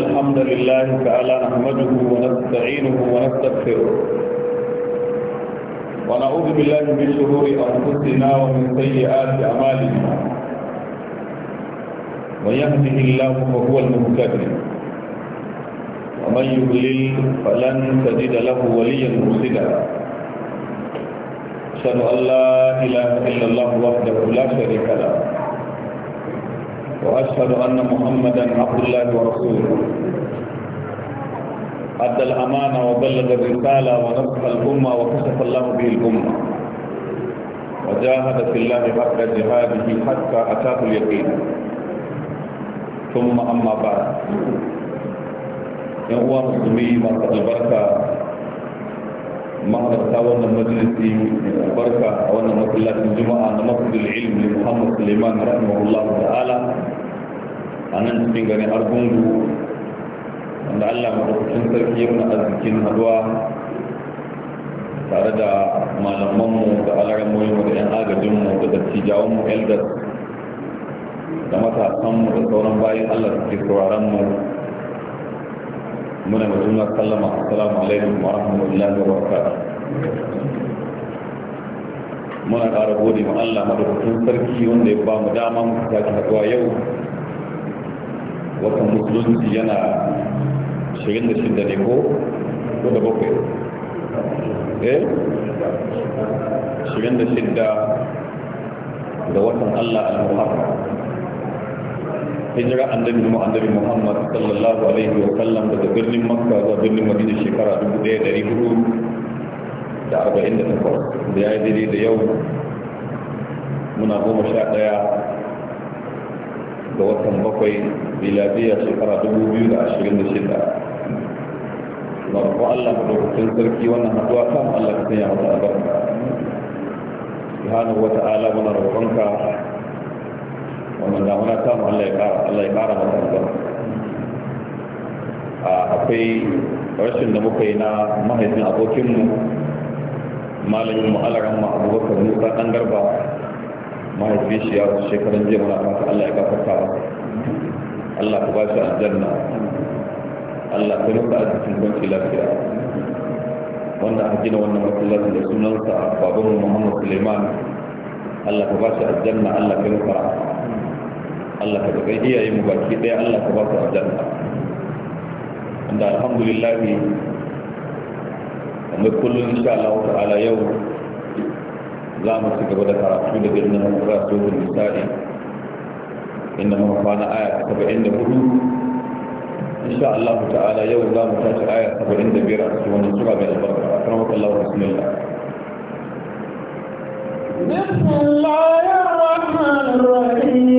الحمد لله تعالى نحمده ونستعينه ونستغفره ونعوذ بالله من شرور أنفسنا ومن سيئات أعمالنا من يهده الله فهو المهتدي ومن يضلل فلن تجد له وليا مرشدا أشهد أن لا إله إلا الله وحده لا شريك له وأشهد أن محمدا عبد الله ورسوله أدى الأمانة وبلغ الرسالة ونصح الأمة وكشف الله به الأمة وجاهد في الله حق جهاده حتى أتاه اليقين ثم أما بعد يا هو مسلمي ما البركة ما تتاون المجلس البركة أو أن مثلا الجمعة نمصد العلم لمحمد سليمان رحمه الله تعالى a nan cikin garin argungu wanda allah maɗaukacin sarki ya muna arzikin haduwa tare da malamanmu da alaramoyinmu da 'yan agajinmu da dattijawanmu elders da matasanmu da sauran bayan allah da ke sauraronmu muna mai juna sallama assalamu alaikum wa rahmatullahi wa barakatuh muna ƙara gode ma allah maɗaukacin sarki wanda ya ba mu dama muka sake haɗuwa yau watan musulunci yana 26 da ne ko ko da bakwai eh 26 da watan Allah al-Muharram hijira annabi mu annabi Muhammad sallallahu alaihi wa sallam daga birnin Makka zuwa birnin Madina shekara 1400 da 48 da ya yi da yau muna goma sha daya. Da watan bakwai miladiyya shekara 2026 na rufu allah madaukakin sarki wannan haduwa kan allah ka sanya mata albarka subhanahu wa mana muna roƙonka wannan damuna ta mu allah ya ƙara mata albarka akwai rashin da muka yi na mahaifin abokinmu malamin mu alaran ma abubakar musa ɗan garba mahaifin shi ya wasu shekarun jiya mana kanka Allah ya gafarta masa Allah ka ba shi aljanna Allah ka a cikin banki lafiya wannan a gina wannan masallaci da sunansa babban Muhammad Suleiman Allah ka ba shi aljanna Allah ka rufe Allah ka ga iyaye mu baki daya Allah ka ba su aljanna inda alhamdulillah kamar kullum insha Allah ta'ala yau za mu ci gaba da karatu daga inda mun sojin misali inda mun kwana aya ta saba'in da hudu insha Allah ta'ala yau za mu tashi aya saba'in da biyar a cikin wannan sura mai albarka a kan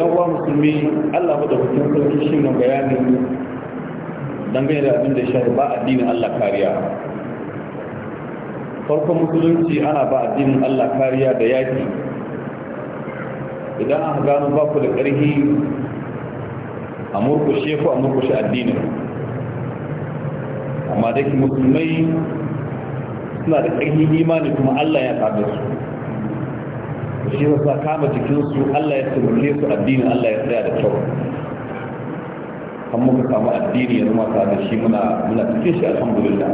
yan uwa musulmi Allah da hukun sauki shi ne bayanin dangane da abin da shafi ba addinin Allah kariya farkon musulunci ana ba addinin Allah kariya da yaki idan aka gano ba ku da ƙarfi a murkushe ku a murkushe addinin amma da musulmai suna da ƙarfi imani kuma Allah ya tabi shi sa kama jikinsu Allah ya taimake su addinin Allah ya tsaya da kyau an muka samu addini yanzu mata da shi muna muna cikin shi alhamdulillah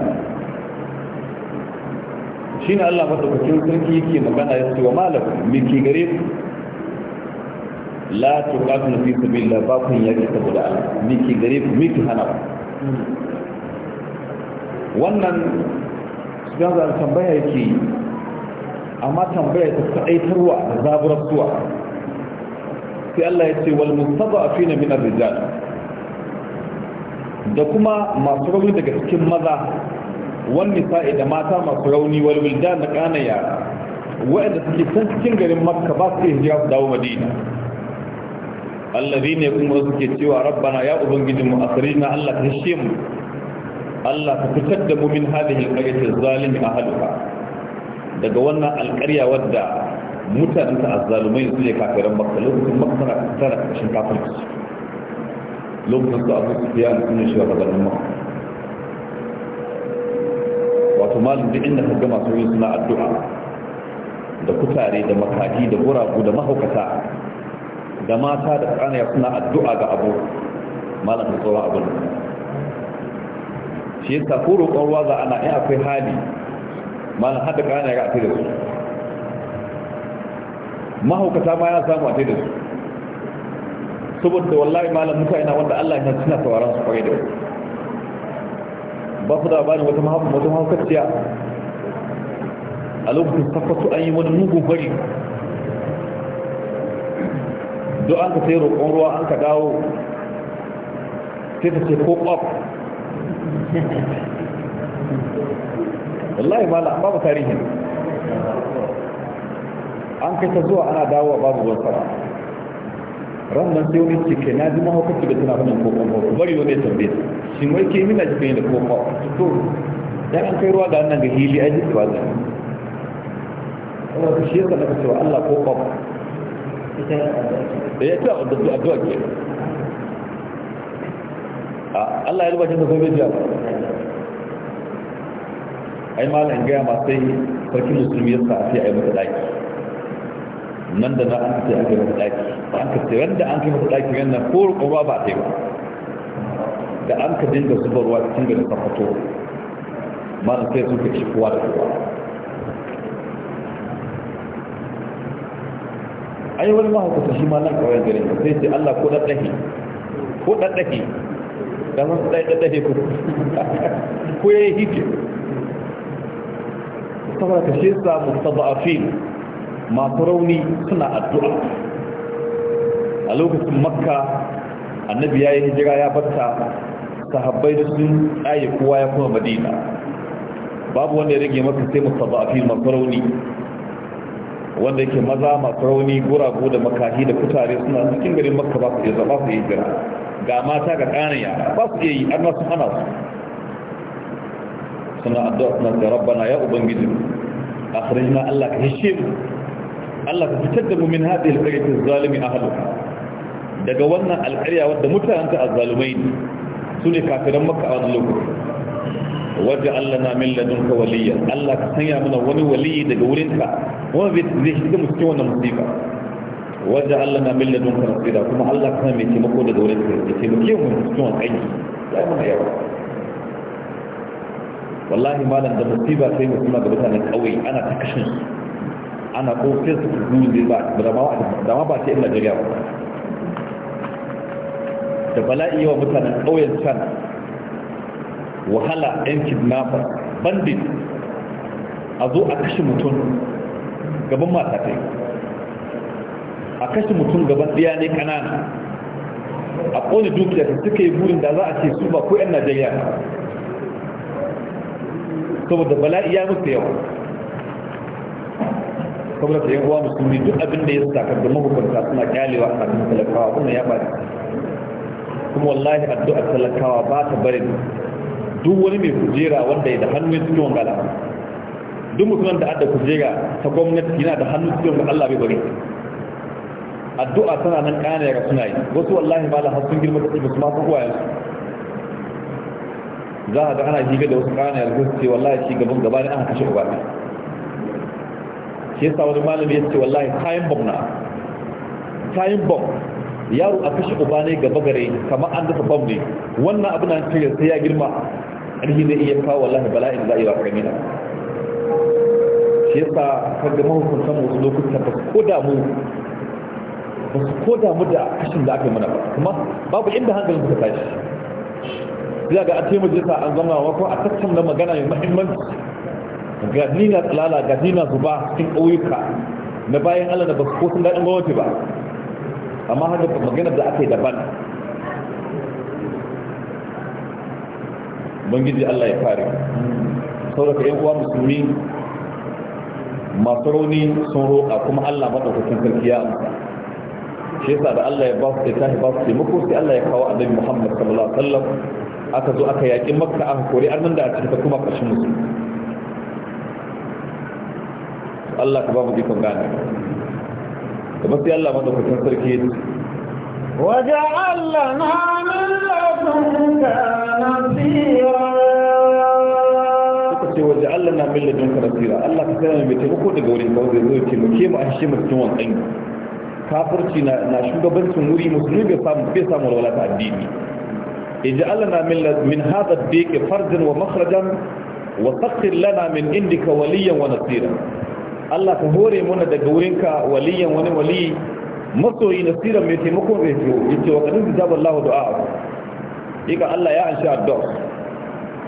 shi ne Allah madaukakin sarki yake magana ya ce wa malam me ke gare ku la tuqatun fi sabilillah ba kun yaki saboda ala me ke gare ku me ke hana wannan su ga tambaya yake amma tambaya ta kaɗaitarwa da zaburarsuwa sai Allah ya ce wal mustaba a fina min rijal da kuma masu rauni daga cikin maza wani nisa'i da mata masu rauni wal wildan na kana yara waɗanda suke can cikin garin makka ba su hijira su dawo madina allazi ne kuma suke cewa rabbana ya ubangijinmu asirina Allah ta hishe mu Allah ta fitar da mu min hadihi al-qaryati zalimi ahluha daga wannan alƙarya wadda mutanen ta azzalumai su ne kafiran makka lokacin makka tana tana kashin kafirci lokacin su abu su fiya su ne shugabannin makka wato malin duk inda ka gama su yi suna addu'a da kutare da makaji da guragu da mahaukata da mata da ƙanaya suna addu'a ga abu malam da tsoron abin shi yasa ko roƙon ruwa za ana in akwai hali malam hada kana ya ga da su mahaukata ma ya samu a da su saboda wallahi malam mutane na wanda Allah ya suna sauraron su kwarai da su ba su da bani wata mahaukaciya a lokacin tabbatu an yi wani mugun bari don an ka sai roƙon ruwa an ka dawo sai ta ce ko ƙwaf wallahi mala babu tarihin an kai ta zuwa ana dawo babu zuwa fara ran nan sai wani cike na ji mahaukaci da tana fannin ko kwan ko bari wani ya tambaye shi mai ke mina jikin da ko kwan to dan an kai ruwa da wannan ga hili a jiki ba zan Allah shi yasa naka cewa Allah ko kwan da ya ta addu'a ke Allah ya rubuta ta gobe jiya ai malam gaya ma sai sarki musulmi ya sa sai ai mata daki nan da na an ce aka mata daki an ka tsayar da an kai mata daki nan na ko ruwa ba ta yi ba da an ka dinga zuba ruwa cikin gari ta fito malam sai suka ci kowa da kowa ai wani mahaukata shi ma nan kawai gari sai sai Allah ko da dahi ko da dahi da masu ɗaya ɗaɗɗahe ko ko ya yi hijir kamar ka shi sa mustada'afin ma furauni suna addu'a a lokacin makka annabi ya yi hijira ya batta sahabbai da sun ayi kowa ya kuma madina babu wanda ya rage maka sai mustada'afin ma furauni wanda yake maza masu rauni gurago da makahi da kutare suna cikin garin makka ba su iya zama su yi jira ga mata ga ƙanan ba su iya yi an wasu hana su suna addu'a suna sai rabbana ya a akhrijna Allah ka hishe mu Allah ka fitar da mu min hadhihi al-qaryati az-zalimi ahluha daga wannan alƙarya wadda mutananta azzalumai ne sune kafiran maka a wani lokaci waje Allah na min ladunka waliya Allah ka sanya mana wani waliyi daga wurin ka wurinka wanda zai shiga mu cikin wannan musiba waje Allah na min ladunka nasira kuma Allah ka sanya mai taimako daga wurinka ya taimake mu cikin wannan aiki ya mana yawa wallahi malam da musiba sai mu kuma ga mutanen kauye ana ta kashin ana ko sai su zuwa ba da ma ba sai in Najeriya ba da bala'i yawa mutanen kauyen can wahala yan kidnapper bandit a zo a kashe mutum gaban mata kai a kashe mutum gaban ɗiya ne ƙanana a ƙone dukiya suka yi burin da za a ce su ba ko 'yan najeriya saboda bala'i ya musu yawa saboda ta yawa musulmi duk abin da ya saka da mahukunta suna kyalewa a cikin talakawa wannan ya bari kuma wallahi addu'a talakawa ba ta bari duk wani mai kujera wanda ya da hannun cikin wangala duk mutumin da adda kujera ta gwamnati yana da hannun cikin wangala Allah bai bari addu'a tana nan kana ya suna yi wasu wallahi ba la har sun girma da su ma su kuwa yansu za a ga ana shiga da wasu ƙana yalgu ce wallahi shi gaban gaba ne aka kashe uba ne shi yasa wani malami ya ce wallahi kayan bom na kayan bom yaro a kashe uba ne gaba gare kamar an dafa bom ne wannan abin da ce sai ya girma ƙarfi zai iya kawo wallahi bala'in za a yi wa mina. shi yasa kaga mahukuntan wasu lokutan ba su ko damu ba su ko mu da kashin da aka yi mana ba kuma babu inda hankalin suka tashi za ga an taimaka an zama wa a a tattauna magana mai mahimmanci ga dina tsalala ga nina zuba cikin ƙauyuka na bayan allah da ba su sun daɗin gwamnati ba amma haka magana da aka yi daban bangiji allah ya fare sauraka yan uwa musulmi masu rauni sun roƙa kuma allah maɗaukakin sarki ya amsa shi yasa da allah ya ba su ya tashi ba su taimako sai allah ya kawo annabi muhammad sallallahu alaihi wasallam aka zo aka yaƙi makka aka kori arnan da a cikin kuma ƙarshen musu Allah ka ba mu ikon gane kamar sai Allah madaukakin sarki ya ce وجعل لنا من لدنك نصيرا ce waje Allah na min milla don karasira Allah ka kana mai taimako daga wurin ka wanda zai taimake mu a shi mu cikin wannan kafirci na na shugabancin wuri musulmi bai samu bai samu ta addini اجعلنا من من هذا الضيق فرجا ومخرجا وسخر لنا من عندك وليا ونصيرا الله كهوري من دغورينك وليا وني ولي مصوي نصيرا من تيمكم ريتو يتي وقد استجاب الله دعاءه يقى الله يا انشاء الدعاء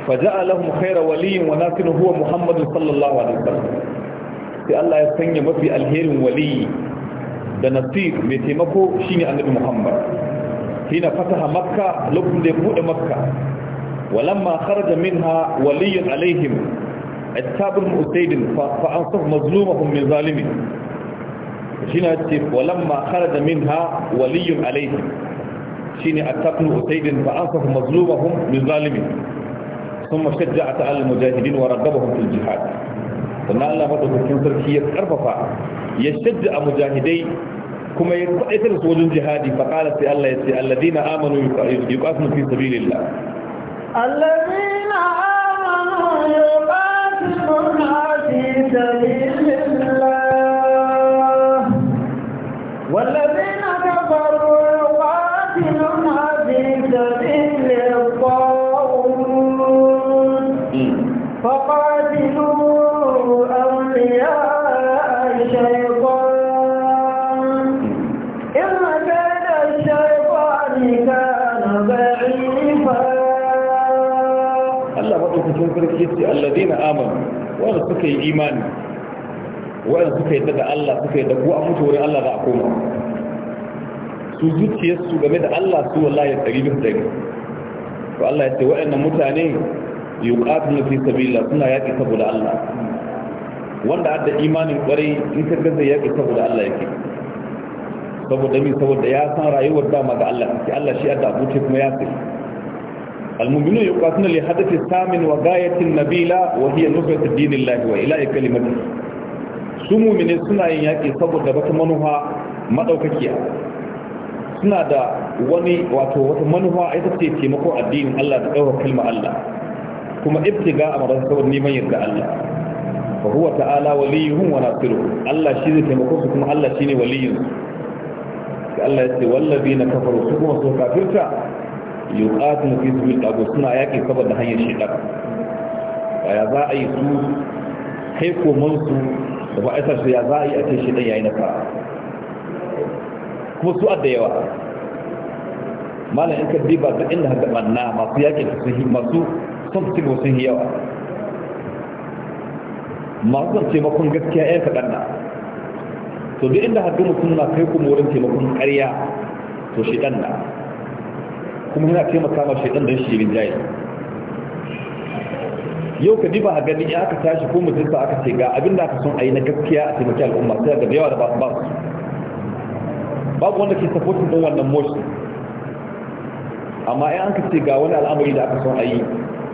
فجعلهم خير ولي وناصر هو محمد صلى الله عليه وسلم sai Allah ya sanya mafi alherin wali da nasir mai taimako shine annabi Muhammad hina fataha makka lokacin da ya buɗe makka walamma kharaja minha waliyun alaihim attabun usaidin fa an saf mazlumahum min zalimi shine ce walamma kharaja minha waliyun alaihim shine attabun usaidin fa an min ثم شجع تعالى المجاهدين ورغبهم في الجهاد sannan Allah madaukakin sarki ya karfafa ya shajja a mujahidai kuma ya kwaɗaitar su wajen jihadi fa qala sai Allah ya ce alladina amanu yuqatilu fi sabilillah alladina amanu yuqatilu fi sabilillah والذين كفروا يقاتلون في سبيل الله ce alladina amanu wanda suka yi imani wanda suka yi da Allah suka yi da ku a mutu wurin Allah za a koma su zuciyarsu game da Allah su wallahi ɗari bisa ɗari to Allah ya ce waɗannan mutane yuqatilu fi sabilillah suna yaƙi saboda Allah wanda adda imanin kwarai in ka gaza yaƙi saboda Allah yake saboda mi saboda ya san rayuwar dama ga Allah sai Allah shi adda abuce kuma ya sai المؤمنون يقاتلون لهدف الثامن وغاية النبيلة وهي نصرة دين الله وإلاء كلمته سمو من السنة يأتي صبر دبت منها مدوككيا suna da wani wato wata manufa ita ce taimako addinin Allah da ɗaukar kalmar Allah kuma ibtiga a marar saboda neman yarda Allah fa huwa ta'ala waliyuhum wa nasiruhum Allah shi zai taimako su kuma Allah shine waliyinsu sai Allah ya ce su kuma kafirta yuqatuna fi sabilil dago suna yaki saboda hanyar shaytan ya za a yi su kai koman su da ba aisar su ya za a yi a kai shaytan yayi nasara kuma su adda yawa malam in ka diba duk inda haka manna masu yakin sun yi masu son su sun yi yawa masu zan taimakon gaskiya ya kaɗan na to duk inda haka mutum na kai kuma wurin taimakon ƙarya to shi ɗan na kuma yana taimaka ma shaidan don shi rinjaye yau ka diba a gani aka tashi ko mutunta aka ce ga abin da aka son ayi na gaskiya a taimaki al'umma sai ga da yawa da ba su babu wanda ke supporting don wannan motion amma ai an ka ce ga wani al'amari da aka son ayi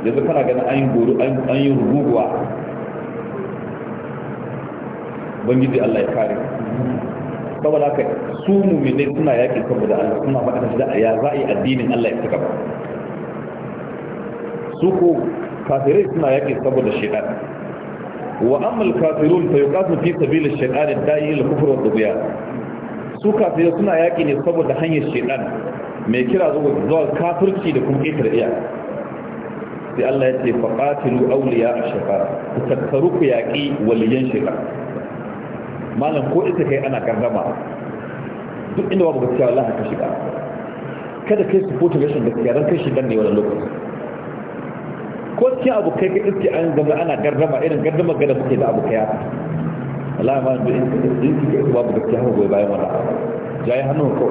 yanzu kana ganin an yi goro an yi ruguwa bangiji Allah ya kare saboda haka su mu'minai suna yaƙi saboda Allah suna faɗa da ya za a yi addinin Allah ya ba. su ko kafirai suna yaƙi saboda shaitan wa amma al-kafirun fa yuqatu fi sabil ash-shaytan ad-da'i ila kufr wa dughyan su kafirai suna yaƙi ne saboda hanyar shaitan mai kira zuwa kafirci da kuma ƙetar iya sai Allah ya ce faƙatilu auliya a shafa ku tattaru ku yaƙi waliyan shafa malam ko ita kai ana gardama duk inda babu gaskiya wallahi ka shiga kada kai su foto rashin gaskiya don kai shigan ne wani lokaci ko abu abokai ka iske an gaba ana gardama irin gardama gada kuke da abokai kai Allah ma duk in ki ga babu gaskiya haka goyi bayan wala jayi hannu ko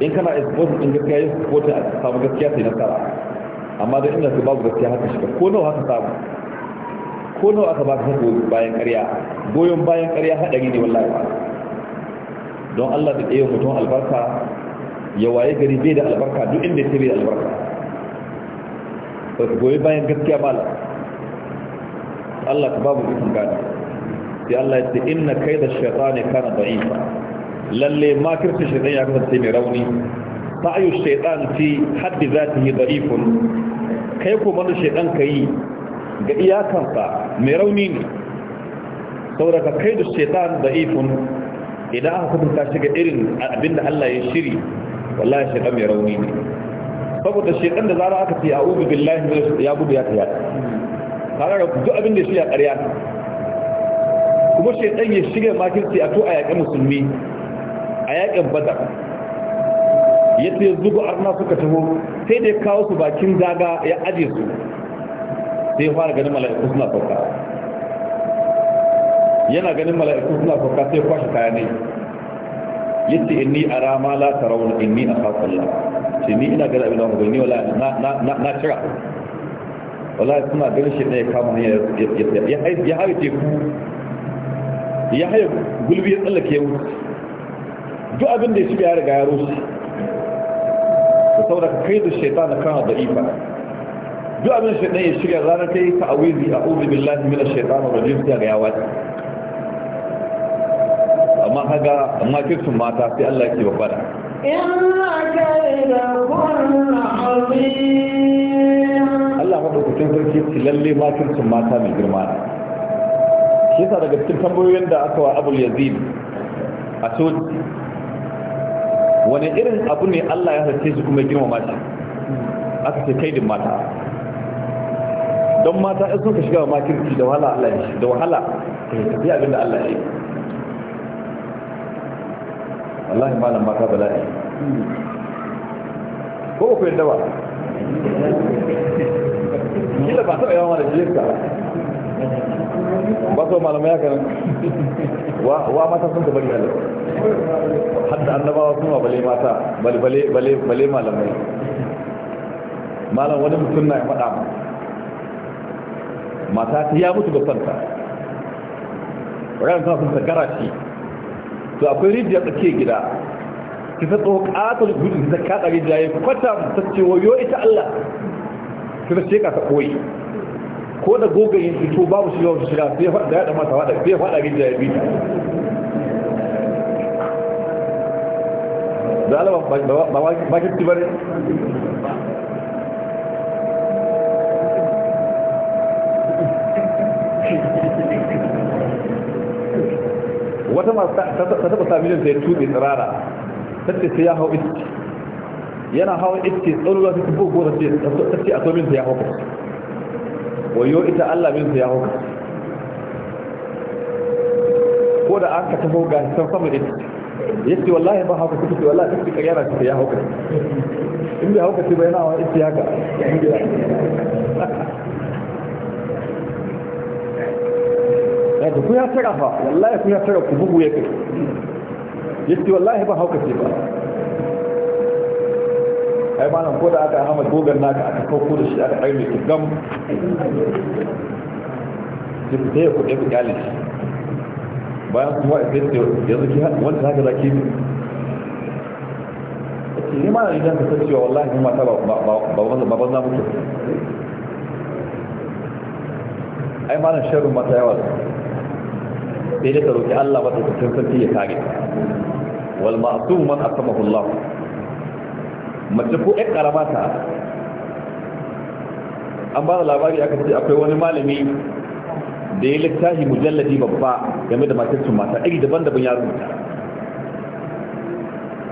in kana expose din gaskiya yin support a samu gaskiya sai nasara amma da inda su babu gaskiya haka shiga ko nawa haka samu ko nawa aka baka ta bayan ƙarya goyon bayan ƙarya haɗari ne wallahi ba don Allah da ɗaya mutum albarka ya waye gari bai da albarka duk inda ta bai da albarka goyi bayan gaskiya ba Allah ka babu bikin gani sai Allah ya ce inna kai da shaitani kana da'ifa lalle makircin shaitan ya kasance mai rauni sa'ayu shaitan fi haddi zatihi da'ifun kai ko mana shaitan ka yi. ga iyakansa mai rauni ne saboda ka kai da shaitan da ifin idan aka kudinta shiga irin abinda Allah ya shiri wallahi shaitan mai rauni ne saboda shaitan da zara aka ce a ubi billahi ya gudu ya tayar tare da duk abin da shi ya karya kuma shaitan ya shiga makirci a to a musulmi a yaƙin badar yadda ya zuba arna suka taho sai da ya kawo su bakin daga ya aje su sai ya fara ganin mala'iku suna sauka yana ganin mala'iku suna sauka sai ya kwashe kaya ne yace inni ara ma la tarawna inni akhafu Allah ce ni ina ganin abin da ku ni wala na na na tira wala suna ganin shi ne ya kama hanya ya ya haye ku ya haye gulbi ya tsallake ya wuce duk abin da ya shiga ya riga ya rushe da saboda kai da shaitana kana da ifa duk abin shi ɗan ya shirya ranar ta yi ta'awizi a uzu billahi mina shaitan rajin ta ga yawa amma haga amma kirsun mata sai Allah ke babbara Allah maɗaukacin sarki ce lalle ma kirsun mata mai girma ne shi yasa daga cikin tambayoyin da aka wa abul yazid a soji wani irin abu ne Allah ya sace su kuma girma mata aka ce kaidin mata don mata in suka shiga makirci da wahala Allah ya da wahala ta yi tafiya abinda Allah ya yi wallahi malam mata ko ku yadda ba kila ba taɓa yawan ba su malamai haka nan wa mata sun ka bari halar hadda annabawa sun wa bale mata bale malamai malam wani mutum na ya faɗa mata ta ya mutu ga santa ran sa sun tagara shi to akwai rijiya tsake gida ki ta tsoho katon gudu ta kaɗa rijiya ya kwata ta ce wayo ita Allah ki ta sheka ta koyi ko da gogayin fito babu shi yawon shiga sai ya faɗa ya ɗama ta sai ya faɗa rijiya ya bita da alaba ba ki ba bane wata masu ta taba samirin da tuɗe tsirara ta ce sai ya hau iske yana hau iske tsaruwa su tubo ko ta ce a tomin ta ya hau kasu wayo ita allah min ta ya hau ko da an ka hau gani san samun iske ya ce wallahi ba hauka kuka ce wallahi iske ka yana ya hau kasu in bai hauka ce bai yana hau iske haka da ku ya tara fa wallahi ku ya tara ku bugu ya kai yace wallahi ba hauka ce ba ai malam ko da aka Ahmad gogan naka aka kawo da shi aka aime ki gam duk da ku da galin bayan kuma sai yanzu ki wanda haka zaki ne ni ma idan ka san cewa wallahi kuma ta ba ba ba ba za mu ai malam sharrin mata yawa sai da roki Allah wata cikin sarki ya kare wal ma'sum man asamahu Allah mace ko ɗan karama ta an ba da labari aka ce akwai wani malami da ya littafi mujalladi babba game da matarsu mata iri daban-daban ya rubuta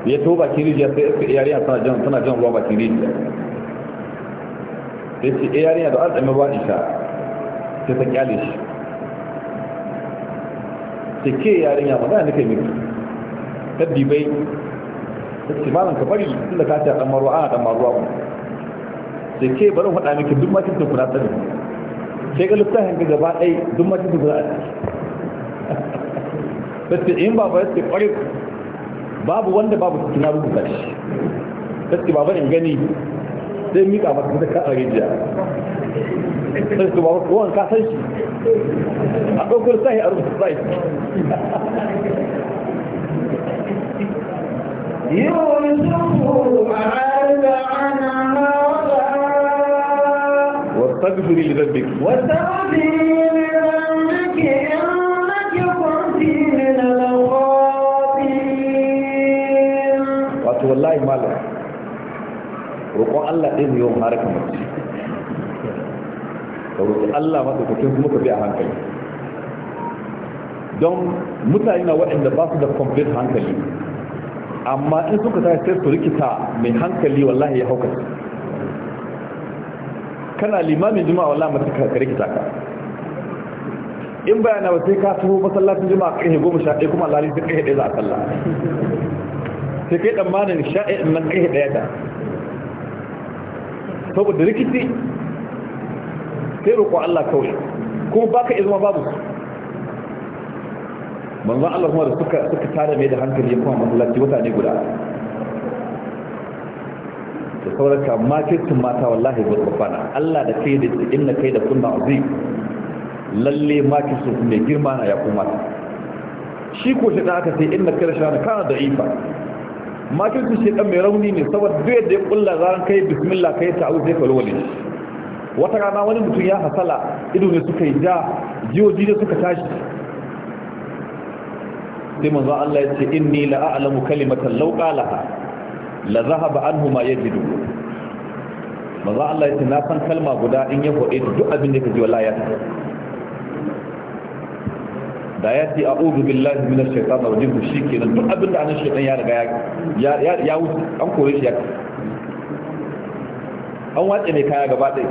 ya to bakin rijiya sai iska eh, yariya tana jan tana jan ruwa bakin rijiya sai ce eh, yariya da an tsamme ba isha sai ta kyale shi ta ke ya magana nake miki tabbi bai sai malam ka bari tunda ka ta dan maruwa ana dan maruwa ku sai ke bari faɗa miki duk makin da kuna tsare sai ga lissafin ga gaba ɗai duk makin da kuna a ciki sai in baba sai kwarai babu wanda babu tuna rubuta shi sai baba in gani sai mika ba ta ka a rijiya sai su ba kowan ka san shi a ɗaukar sahi a rubuta sahi واستغفري لذنبك واستغفري لذنبك انك كنت من الخاطئين والله مالك roƙon Allah ɗaya yau yawan harkar mace ka roƙi Allah masu kukin kuma ka bi a hankali don mutane na waɗanda ba su da complete hankali amma in suka tashi sai su rikita mai hankali wallahi ya hauka kana limamin juma'a wallahi mace ka rikita ka in bayana ba sai ka tuho masallacin juma'a ƙarfe goma sha ɗaya kuma lalai sai ƙarfe ɗaya za a sallah sai kai ɗan manin sha ɗaya ɗan ƙarfe ɗaya da. saboda rikici sai roƙo Allah kawai kuma baka izma babu manzon Allah kuma da suka suka tare mai da hankali kuma masallaci ne guda da sauraka makircin mata wallahi gurbana Allah da kai da inna kai da kunna azim lalle makircin mai girma na ya kuma shi ko shi da aka sai inna karshe na kana da ifa makirci shi ɗan mai rauni ne saboda duk yadda ya kulla ranar kai bismillah kai ta abu sai ka wani. wata rana wani mutum ya hasala ido ne suka yi da jiyoji ne suka tashi sai manzo Allah ya ce inni la a'lamu kalimatan law qalaha la dhahaba anhu ma yajidu manzo Allah ya ce na san kalma guda in ya faɗe ta duk abin da kaji wallahi ya tafi da ya ce a'udhu billahi minash wajen rajim to shikenan duk abin da annabi shaitan ya riga ya ya wuce an kore shi ya an watsa ne kaya gaba ɗaya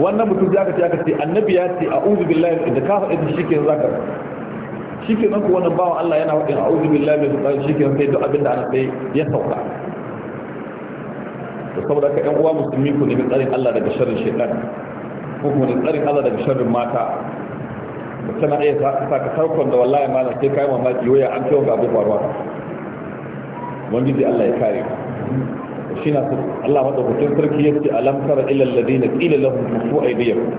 wannan mutum ya kace ya kace annabi ya ce a'udhu billahi da ka faɗi shikenan zaka shikenan ko wannan bawa Allah yana faɗin a'udhu billahi minash shaitani shikenan sai duk abin da annabi ya sauka to saboda ka ƴan uwa musulmi ku nemi tsarin Allah daga sharrin shaitan ko kuma tsarin Allah daga sharrin mata tana iya sa ka tarkon da wallahi malam sai kai mamaki waya an ciwon ga abu faruwa ubangiji Allah ya kare shi na Allah madaukakin sarki yace alam tara ila alladhina qila lahum kufu aydiyakum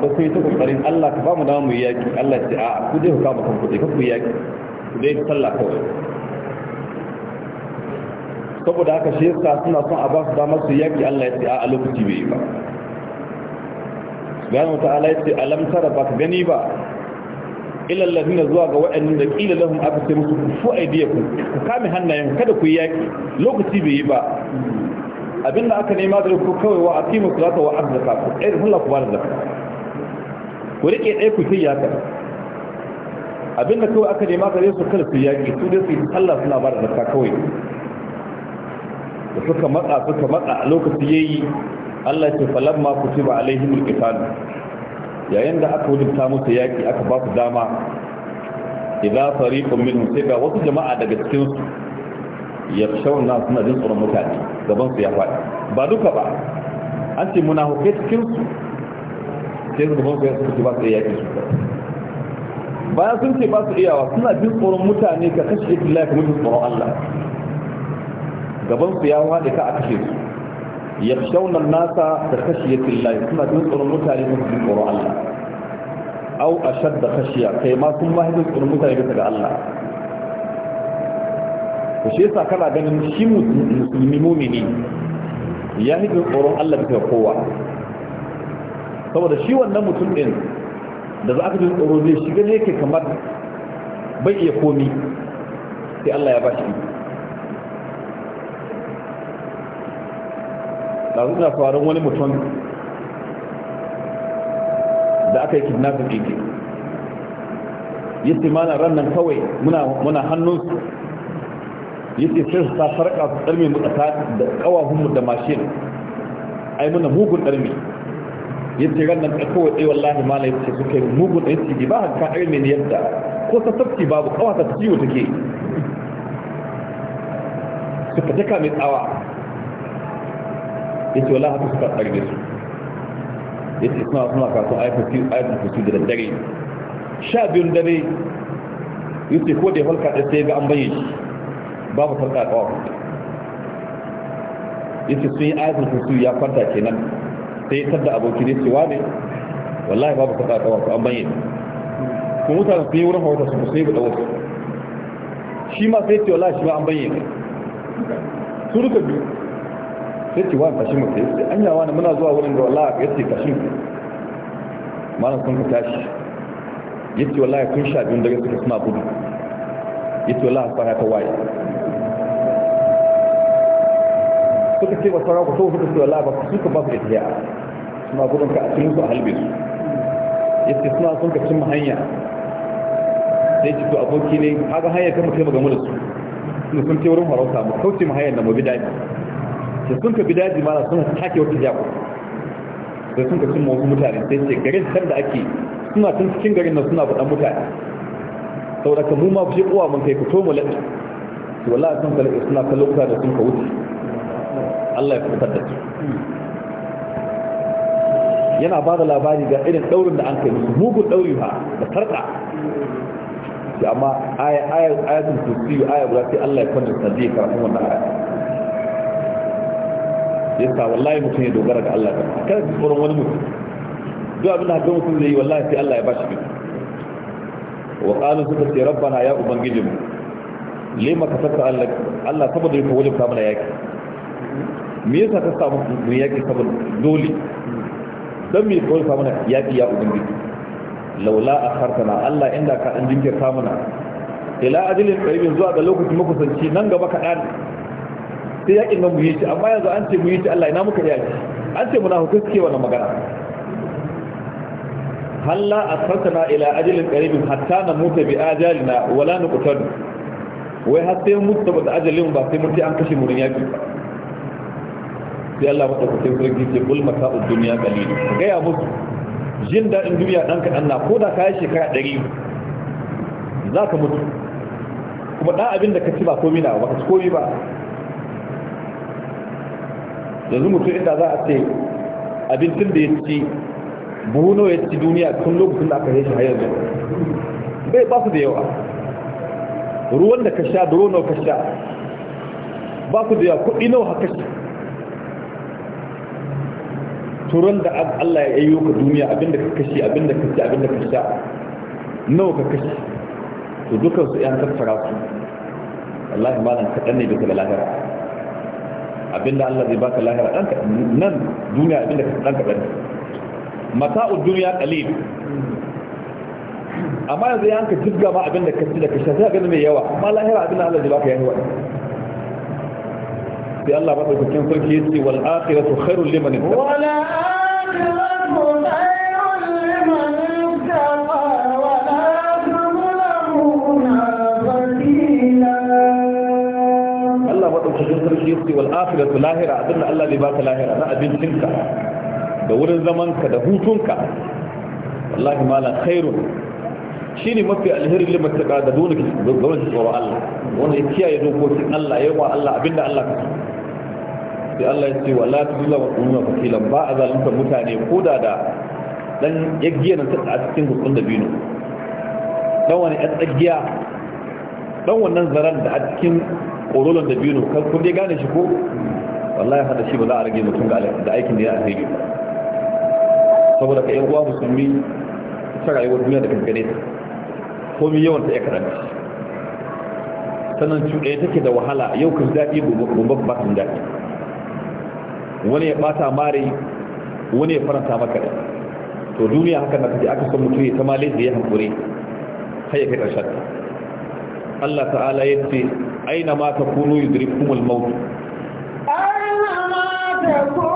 ba sai ta kokarin Allah ka bamu damu yi yaki Allah ya ce a ku dai ku kama kan ku dai ku yaki ku dai sallah kawai saboda haka shi yasa suna son a ba su damar su yaki Allah ya ce a lokaci bai yi ba subhanahu ta'ala ya ce alam tara ba ka gani ba ila alladhina zuwa ga waɗannan da qila lahum abtu musu fu aydiyakum ku kame hannayen kada ku yaki lokaci bai yi ba abinda aka nema da ku kawai wa aqimu salata wa azzaka ku irin Allah ku bar zakka ku rike tsaye ku yaka abinda kawai aka nema gare su kada su yaki su dai su yi Allah suna ba da zakka kawai da suka matsa suka matsa a lokaci yayi Allah ya ce falamma kutiba alaihimul qital yayin da aka wajibta musu yaki aka ba su dama idza fariqun minhum sai ga wasu jama'a daga cikin su yakhshawna suna jin tsoron mutane gaban su ya faɗi ba duka ba an ce munafikai cikin su sai su gaban su suka ba su iya yaƙi su bayan sun ce ba su iyawa suna jin tsoron mutane ka kashe ita lafi mutum tsoron Allah gaban su ya waɗe ka a kashe su ya shaunar nasa da kashe ita lafi suna jin tsoron mutane ka jin tsoron Allah au a shadda kashiya kai ma sun mahajin tsoron mutane bisa ga Allah ku shi yasa kana ganin shi musulmi mumini ya hidin tsoron Allah bisa kowa saboda shi wannan mutum ɗin da za aka jin tsoro zai shiga ne ke kamar bai iya komi sai Allah ya bashi na zuwa faruwar wani mutum da aka yi kidnapping ɗin yace mana ran nan kawai muna muna hannunsu yace sai su ta farka su ƙarmi mu da kawahunmu da mashin ai muna mugun ƙarmi yace ran nan kawai dai wallahi mala yace suka yi mugu da yace ba haka ka ilmi ne yadda ko ta tafki babu kawa ta ciwo take suka daka mai tsawa yace wallahi haka suka tsarge su yace suna suna kasu ayyukan ayyukan su da dare sha biyun dare yace ko da ya ta sai ga an bayyana babu falka kawa yace sun yi ayyukan su ya farta kenan sai ya tadda abokin ya ce ne wallahi babu kaɗa tsawon ku an bayyana ku mutane sai wurin wata su sai buɗa wasu shi ma sai ce wallahi shi ma an bayyana su duka biyu sai ce wani kashin mutu sai an yawa muna zuwa wurin da wallahi ya ce kashin malam sun ka tashi ya ce wallahi kun sha biyun daga suka suna gudu ya ce wallahi fara ta waye suka ce ba saura ku so suka ce wallahi ba suka ba su ita kuma kudin ka a cikin su a halbe su yadda suna son ka cimma hanya sai ya to aboki ne haka hanyar kama kai magamu da su suna sun ce wurin farauta mu kauce mu hanyar da mu bi daji da sun ka bi daji ma suna take wata jako sai sun ka cimma wasu mutane sai ce garin can da ake suna tun cikin garin nan suna faɗan mutane saboda ka mu ma fi uwa mun kai ku to mu lalle wallahi sun ka suna kallon da sun ka wuce Allah ya fitar da su yana ba da labari ga irin daurin da an kai musu mugun dauri ha da tarka sai amma aya aya ayatul kursi aya guda sai Allah ya kwanta sadiya kafin wannan aya yasa wallahi mutum ya dogara ga Allah kada ki tsoron wani mutum duk abin da hakamu sun yi wallahi sai Allah ya bashi bin wa qalu suka ce rabbana ya ubangijinmu lima ka saka Allah Allah saboda yake wajen samun mana yaki me yasa ka samu mun yaki saboda dole don mai kawai samuna yaƙi ya jiki. laula a kartana allah inda ka ɗan jinkirta mana ila ajalin ƙarfin zuwa da lokacin makusanci nan gaba kaɗan sai yaƙin nan mu yi shi amma yanzu an ce mu yi shi allah ina muka yaƙi an ce muna hukunci ke wannan magana halla a kartana ila ajalin ƙarfin hatta na mutu bi ajalina wala na kutar wai har sai mutu saboda ajalin ba sai mutu an kashe murin yaki? sai Allah madaukakin sarki ce kul mata'u dunya qalil ga ya musu jin daɗin duniya ɗan kaɗan na ko da ka shekara ɗari za ka mutu kuma ɗan abin da ka ci ba komai na ba ka ci komi ba yanzu mutu inda za a ce abin tun da ya ci buhuno ya ci duniya tun lokacin da aka yi shi hayar bai ba su da yawa ruwan da ka sha da ruwan ka sha ba ku da yawa kuɗi nawa haka shi turon da Allah ya yi ka duniya abinda ka kashi abinda ka ci abinda ka sha nawa ka kashi to dukan su yan tattara su wallahi malam kaɗan ne daga lahira abinda Allah zai baka lahira ɗan nan duniya abinda ka ɗan kaɗan mata'u duniya qalil amma yanzu yanka jibga ma abinda ka ci da ka sha sai ga mai yawa amma lahira abinda Allah zai baka yayi wani sai Allah madaukakin sarki yace wal akhiratu khairul liman ittaqa wal akhiratu khairul liman ittaqa wa tuzlamuna fatila Allah madaukakin sarki yace wal akhiratu lahira abinda Allah zai baka lahira na abincinka da wurin zamanka da hutunka wallahi mala khairun shi ne mafi alherin limata ga da dole ga wani tsoron Allah wanda ya kiyaye dokokin Allah ya yi wa Allah abinda Allah ka so sai Allah ya ce wala tudilla wa umma fakilan ba a zalunta mutane ko da da dan yaggiya nan a cikin hukun da bino dan wani ɗan tsagiya dan wannan zaran da a cikin ƙorolan da bino kan kun dai gane shi ko wallahi hada shi ba za a rage mutum ga da aikin da ya yi saboda ka yan uwa musulmi ta rayuwar duniya da kankane ta mi yawan ta ya karanta sannan cuɗe take da wahala yau kan daɗi gobe ba kan daɗi wani ya bata mare wani ya faranta maka da to duniya haka na kaji aka san mutum ya ta male da ya hankuri har ya kai ƙarshen Allah ta'ala ya ce aina ma ta kunu yudrikumul maut aina ma ta kunu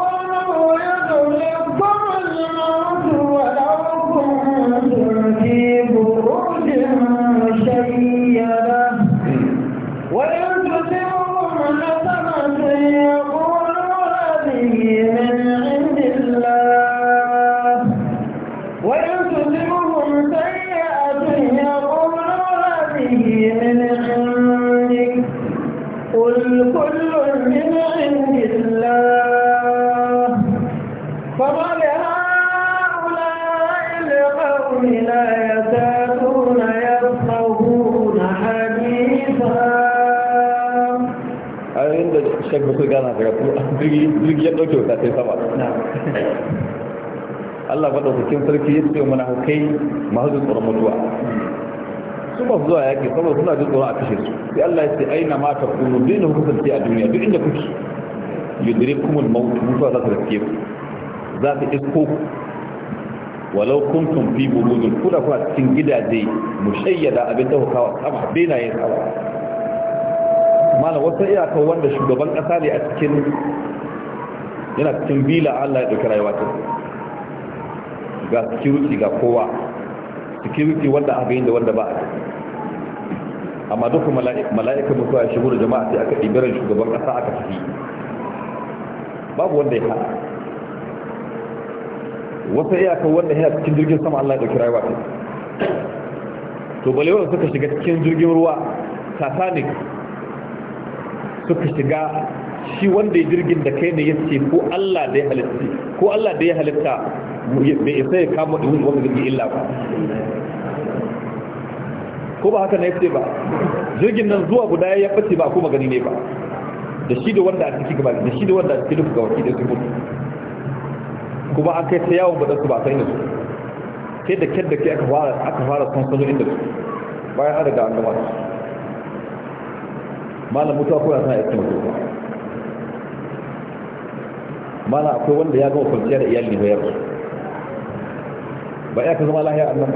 yara na karatu jirgi ya ɗauke wata sai sama Allah ba ɗaukakin sarki ya ce mana hukai masu tsoron mutuwa su ba zuwa yaƙi saboda suna jin tsoron a kashe su sai Allah ya ce aina ma ta kunu dina hukunta a duniya duk inda kuke yudire kuma mautu mutuwa za ta rike ku za su isko ku walau kuntum fi burujin kuna kuna cikin gidaje mushayyada abin da hukawa sama benayen sama mana wasu iyakar wanda shugaban ƙasa ne a cikin yana cikin bila allah ya ɗauki rayuwa ta ga security ga kowa security wanda aka yi da wanda ba a amma duka mala'ika mutu a shigo da jama'a sai aka ɗibirar shugaban ƙasa aka fi babu wanda ya haɗa wasu iyakar wanda yana cikin jirgin sama allah ya ɗauki rayuwa ta to balewar suka shiga cikin jirgin ruwa titanic suka shiga shi wanda ya jirgin da kai ne ya ce ko Allah da ya halitta ko Allah da ya halitta bai isa ya kama da wani wanda jirgin illa ba ko ba haka na ya ce ba jirgin nan zuwa guda ya fice ba ko magani ne ba da shi da wanda a ciki gaba da shi da wanda a ciki duka gawaki da su mutu kuma an kai ta yawon baɗansu ba sai da su sai da kyar da ke aka fara sansanin inda su bayan an daga an gama su Mana mutuwa ko ya sa iska mutu mana akwai wanda ya gama kwanciya da iyali da yarsu ba ya ka zama lahiya annan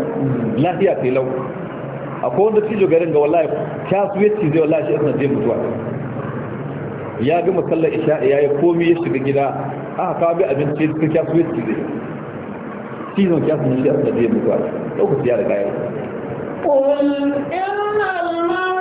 lahiya ta yi lau akwai wanda cijo garin ga wallahi ta su ya zai wallahi shi isna mutuwa ya gama sallar isha'i ya yi komi ya shiga gida aka kawo bi abinci ta kya su ya cizo cizon kya su shi isna zai mutuwa lokaci ya riga ya قل إن الماء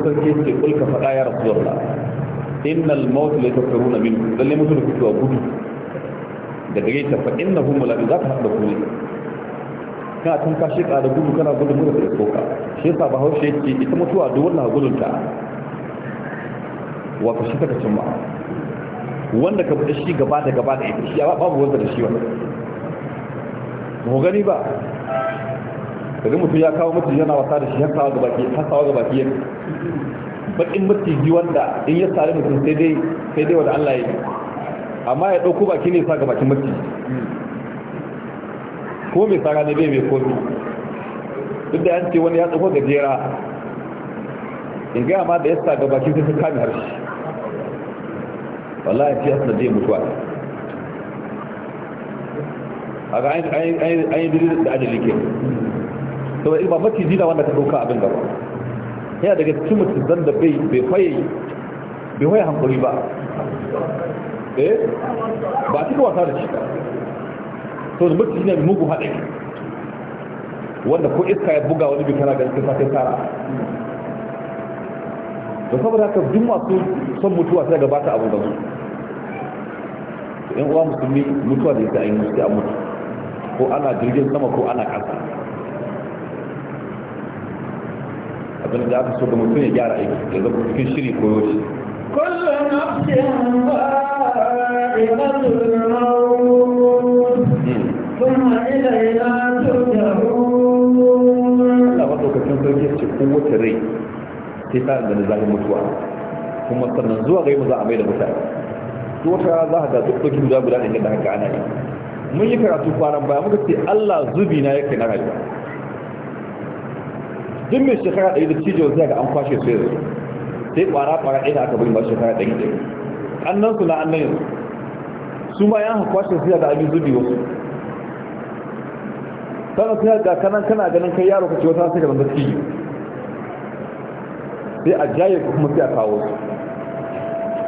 sarki ce kulka faɗa ya rasu Allah innal maut la tafiruna minhu lalle mutum da kuke gudu da gare ta fa inna hum la za haɗu hada kuli kana tun ka shi da gudu kana gudu mu da koka. shi yasa bahaushe yake ita mutuwa duk wannan gudun ta wa ka shi ka cin ba wanda ka bude shi gaba da gaba da ita shi ba babu wanda da shi wannan mu gani ba kaga mutum ya kawo mutum yana wasa da shi har sawa gabaki har sawa gabaki yake bakin mutum wanda in ya sare mutum sai dai sai dai wanda Allah ya yi amma ya ɗauko baki ne sa ga bakin mafi ko mai tsara ne bai mai komi duk da yanci wani ya tsoko gajera in gaya ma da ya sa ga bakin sai su kame harshe wallahi ce da je mutuwa a ga an yi da ajiyar ke sau da ilba mafi jina wanda ta ɗauka abin gaba yana daga cikin mutum zan da bai faye bai faye hankali ba eh ba cika wasa da shi to da shi ne mugu haɗe wanda ko iska ya buga wani bikara ga cikin sakin tara da saboda haka duk masu son mutuwa sai gabata abu da su in uwa musulmi mutuwa da yake ainihin sai a mutu ko ana jirgin sama ko ana ƙasa abin da aka so ga mutum ya gyara aiki ya zama cikin shiri ko yoshi كل نفس ذائقة الموت ثم kuma sannan zuwa gaimu za a mai da mutane to za ka duk ɗauki guda guda ɗin yadda haka ana yi mun yi karatu kwanan baya muka ce Allah zubi na yake na rayuwa duk mai shekara ɗaya da cijiyar zai ga an kwashe su yanzu sai kwara kwara ɗaya aka bari ba kara ɗari ɗari annan su na annan yanzu su ma yan hakwashin siya da abin zubi wasu sannan sai ga kanan kana ganin kai yaro kace wata sai ka zama ciki sai a jaye kuma sai a kawo su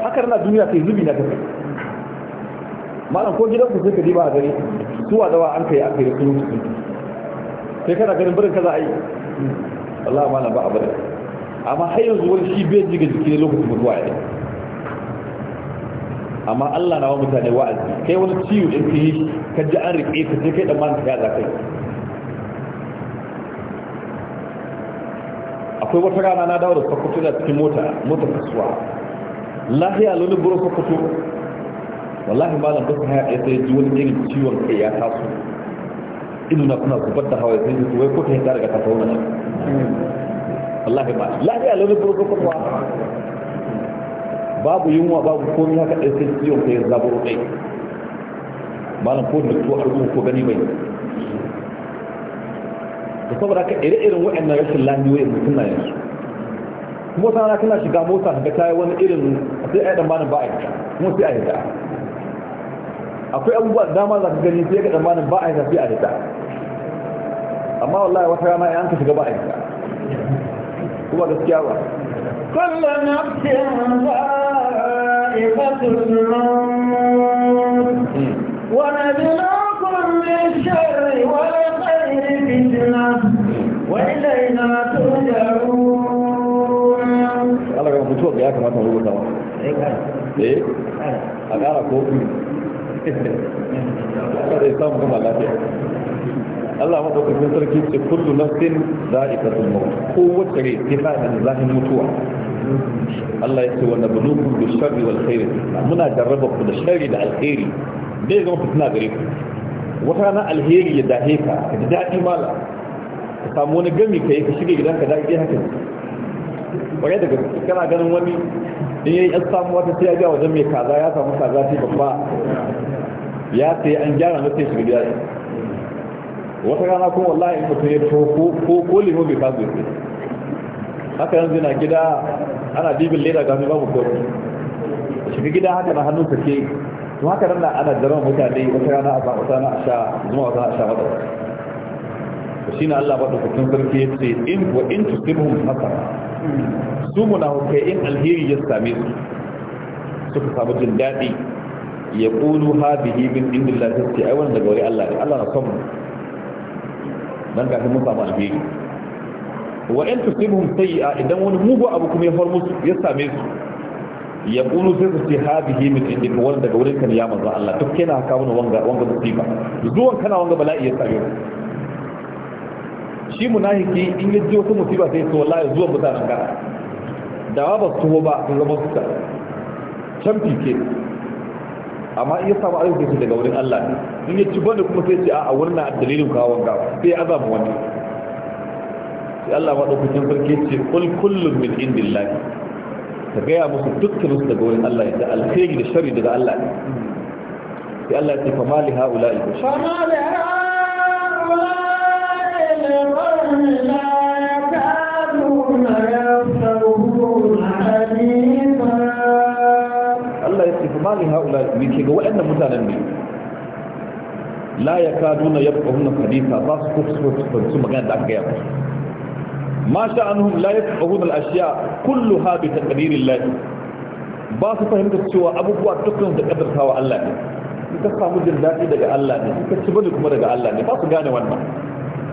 haka rana duniya kai zubi na kasa malam ko gidan ku sai ka diba a gari wa dawa an kai aka yi da sun sai kana ganin barin kaza ai ma hmm. malam ba a barin amma har yanzu wani shi bai jiga jiki ne lokacin mutuwa ya amma Allah na wa mutane wa'azi kai wani ciwo in ka yi ka ji an riƙe ka je kai da man ya za kai akwai wata rana na dawo da sakwato da cikin mota mota kasuwa lahiya lullu buru sakwato wallahi ba zan su haya sai ji wani irin ciwon kai ya taso inu kuna zubar da hawa sai ji wai ko ta yi daga ta tauna wallahi ba lafiya launin burkukun ba babu yunwa babu komi haka ɗai sai ciwon kai zaburo ɗai malam ko da tuwa arzun ko gani bai da saboda ka ire-iren waɗannan rashin lafiyoyin mutum na yanzu kuma wata rana kana shiga mota ga ta wani irin sai a yi ɗanbanin ba a kuma sai a yi ta akwai abubuwa dama za ka gani sai ga ɗanbanin ba a sai a yi ta amma wallahi wata rana ya an ka shiga ba a kuma gaskiya ba kullu nafsin za'iqatul maut hmm. wa nabluukum bish-sharri wal khayri fitna wa ilayna ya kamata eh, eh? a Allah madaukakin sarki ce kullu nafsin za'iqatul maut ko wacce ne ke da zahin mutuwa Allah ya ce wa nabluukum bi sharri wal khair muna jarraba ku da sharri da alkhairi dai zama fitina gare ku wata rana alheri ya dahe ka ka ji daɗi mala ka samu wani gami ka yi ka shige gidan ka daɗi haka kwarai daga kana ganin wani in yayi an samu wata sai ya ga wajen mai kaza ya samu kaza sai babba ya sai an gyara masa shiga gida wata rana kuma wallahi in mutum ya fito ko ko limo bai kasu haka yanzu na gida ana dibin leda gami babu kotu shiga gida haka na hannun sake to haka nan ana jaran mutane wata rana a san wata na a sha zuma wata a sha wata to shine Allah ba dukkan sarki yace in wa in tusibhum hasana su munafikai in alheri ya same su suka samu jin dadi ya qulu hadhihi min indillahi sai ai wannan daga wuri Allah ne Allah na son mu dan kafin mun samu alheri wa in tusibhum sayi'a idan wani mugu abu kuma ya far musu ya same su ya kulu sai su ce hadihi min indika wal daga wurin kan ya manzo Allah duk kana haka wani wanga wanga musiba zuwan kana wanga bala'i ya same ku. shi munafiki in ya ji wata musiba sai to wallahi zuwan mutanen ka da ba su ba sun zama su ta can amma in ya samu arzikin daga wurin Allah in ya ci bane kuma sai ce a wurin na dalilin kawon ga sai ya azama wani sai Allah ma madaukakin sarki ce kul kullun min indillahi ta gaya musu dukkan su daga wurin Allah da alkhairi da shari daga Allah sai Allah ya ce fa mali haula'i fa mali haula'i wahabi ke ga waɗannan mutanen ne la ya duna ya yabba hunna hadisa ba su su magana da aka gaya ba. ma sha'anuhum la yabba hunna al'ashiya kullu ha bi taqdirin ba su fahimta cewa abubuwa dukkan da kadartawa Allah ne in ka samu jin daɗi daga Allah ne in ka ci bane kuma daga Allah ne ba su gane wannan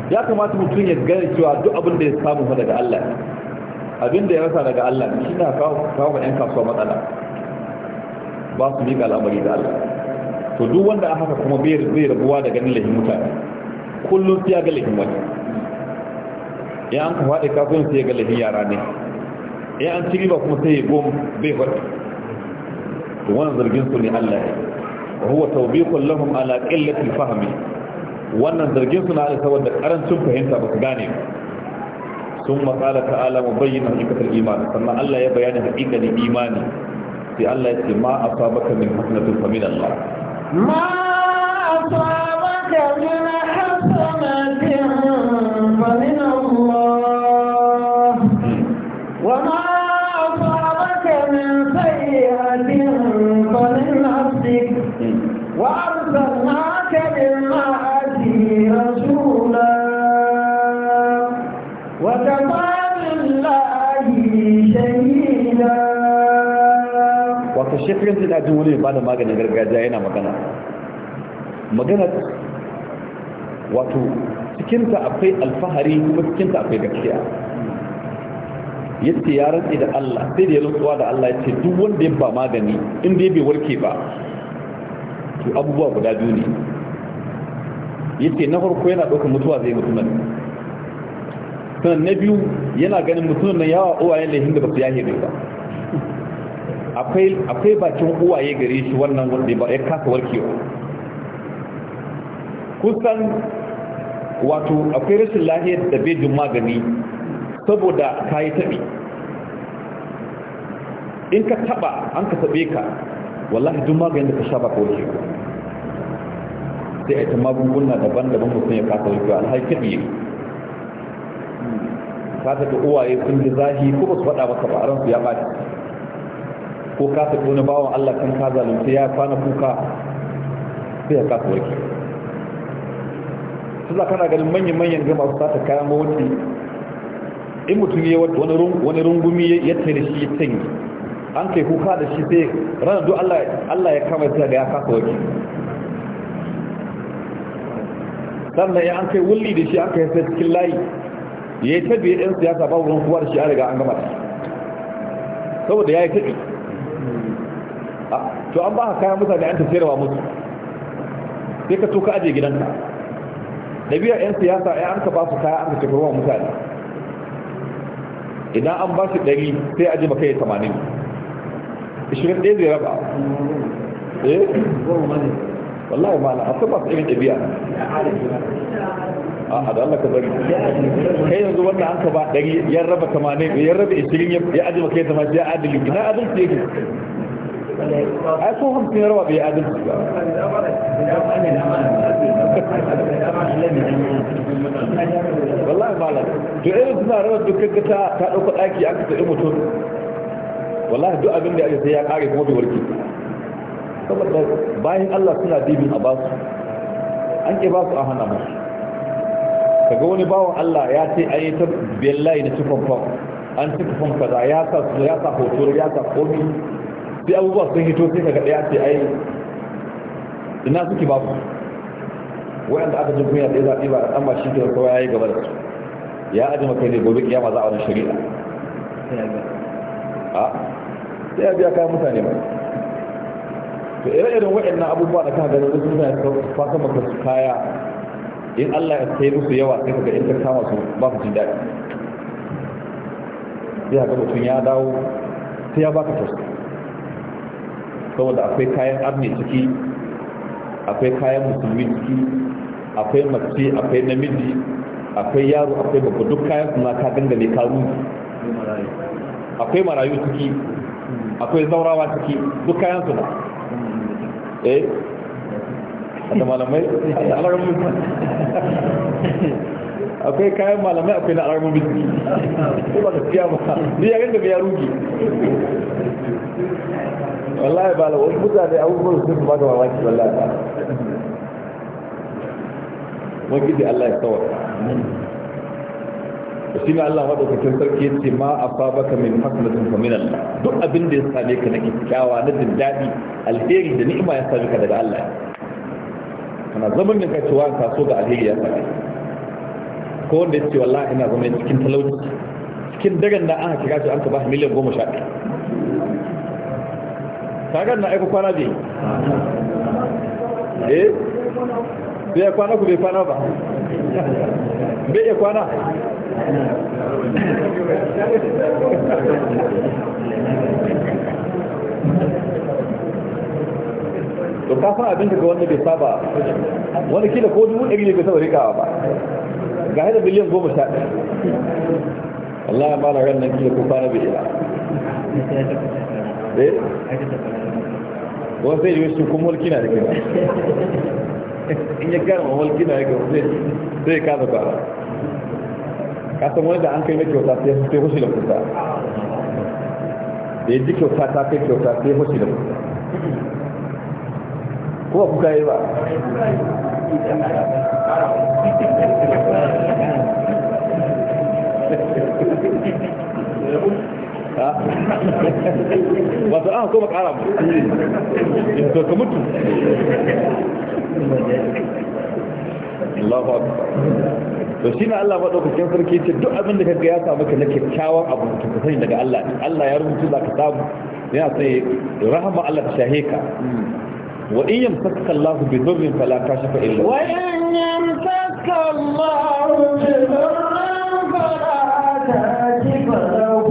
ya kamata mutum ya gane cewa duk abin da ya samu daga Allah ne abin da ya rasa daga Allah ne shi na kawo ga 'yan kasuwa matsala ba su miƙa al'amari da Allah to duk wanda a haka kuma bai rabuwa da ganin lahin mutane kullum sai ya ga lahin wani ya an kuma ɗai kafin sai ya ga lahin yara ne ya an ci ba kuma sai ya gom bai faɗi to wannan zargin su ne Allah ya huwa tawbiqul lahum ala qillati fahmi wannan zargin su na da saboda karancin fahimta ba su gane sun matsala ta'ala mu bayyana hakikatar imani sannan Allah ya bayani hakikanin imani sai Allah ya ce ma asabaka min hasanatin fa min Allah ma jin wani ba da maganin gargajiya yana magana magana wato cikinta akwai alfahari kuma cikinta akwai gaskiya yace ya rantsi da Allah sai da ya rantsuwa da Allah yace duk wanda ya ba magani in dai bai warke ba to abubuwa guda biyu ne yace na farko yana ɗaukar mutuwa zai mutumin sannan na biyu yana ganin mutum nan yawa uwayen laifin da ba su yahe ba akwai akwai bakin uwaye gare shi wannan wanda ba ya kasa warkewa kusan wato akwai rashin lahiyar da jin magani saboda ka yi taɓi in ka taɓa an ka taɓe ka wallahi duk maganin da ka sha ba ka warkewa sai a ita magunguna daban-daban mutum ya kasa warkewa alhari taɓi ka taɓa uwaye sun ji zahi ko ba su faɗa maka ba a ransu ya ba ko ka ta wani bawan Allah kan ka zalunta ya kwana kuka sai ya kasa warke su za kana ganin manyan-manyan gama su sata kayan mawuti in mutum ya wani rungumi ya tare shi ya tanyi an kai kuka da shi sai ranar duk Allah ya kama sai ya kasa warke sannan ya an kai wulli da shi an kai sai cikin layi ya yi tabi 'yan siyasa babu wurin kuwa da shi an riga an gama saboda ya yi tabi to an ba ka kayan mutane an tafiyar wa mutu sai ka to ka aje gidanka na biya 'yan siyasa ya an ka ba su kaya an ka tafiyar wa mutane idan an ba su ɗari sai aje maka ya 80 ishirin ɗaya zai raba eh wallahi ma a su ba su irin ɗabi'a هذا الله كذا كيف نقول عنك بعد يا رب ثمانين يا رب عشرين يا عدل كيف تمشي يا عدل لا عدل كيف أفهم في رواب يا عدل والله ما لك تعرف ما رواب دكتا تأخذ أكي أكي تأمتون والله دعا مني أعرف مو بوركي باين الله سنة دي kaga wani bawan Allah ya ce a yi ta billahi da cikin an cika fam kaza ya sa su ya sa hoto ya sa komi sai abubuwa sun hito sai kaga ya ce ai ina suke babu wayanda aka jin kunya da zaɓi ba a ɗan ba shi ke kawai ya yi gaba da su ya aji makai ne gobe kiyama za a wani shari'a sai ya biya kayan mutane ba to ire-iren wa'annan abubuwa da kan ganin wasu mutane sun fasa maka su kaya in Allah ya kai musu yawa sai kaga in ka kama su ba ku jin daɗi sai ga mutum ya dawo sai ya baka tausayi saboda akwai kayan arni ciki akwai kayan musulmi ciki akwai mace akwai namiji akwai yaro akwai babba duk kayan ma ka dangane ka ruji akwai marayu ciki akwai zaurawa ciki duk kayan ba eh da malamai akwai kayan malamai akwai na alamun biki ko ba gaskiya ba ni ya ganga ya rugi wallahi ba lawa wasu mutane abubuwan su ba ga mamaki wallahi ba wani da Allah ya tsawar shi ne Allah maɗaukakin sarki ya ce ma a fabaka min hasanatin faminal duk abin da ya same ka na kyakkyawa na jin daɗi alheri da ni'ima ya sami ka daga Allah ana zaman da kai cewa ka so ga alheri ya saka ko wanda ya ce wallahi ina zama cikin talauci cikin dagan da aka kira shi an ka ba miliyan goma sha ɗaya kaga na aiko kwana biyu eh bai ya kwana ku bai kwana ba bai ya kwana to ka san da ga wanda bai saba wanda kila ko dubu ɗari ne bai saba rikawa ba ga haɗa biliyan goma sha ɗaya Allah ya bala ran kila ko kwana bai ila eh wanda zai yi wasu kuma mulki na da kai in ya gama mulki na da kai zai kasa ka kasan wani da an kai na kyauta sai hushi da kusa da ya ji kyauta ta kai kyauta sai hushi da kusa ko kuka yi ba wato an koma kara to ka mutu Allahu akbar to shine Allah kin sarki ce duk abin da kaga ya samu ka na kyakkyawan abu ka sani daga Allah Allah ya rubuta zaka samu yana sai rahama Allah ta shahe ka وإن يمسك الله بضر فلا كاشف إلا وإن يمسك الله بضر فلا كاشف له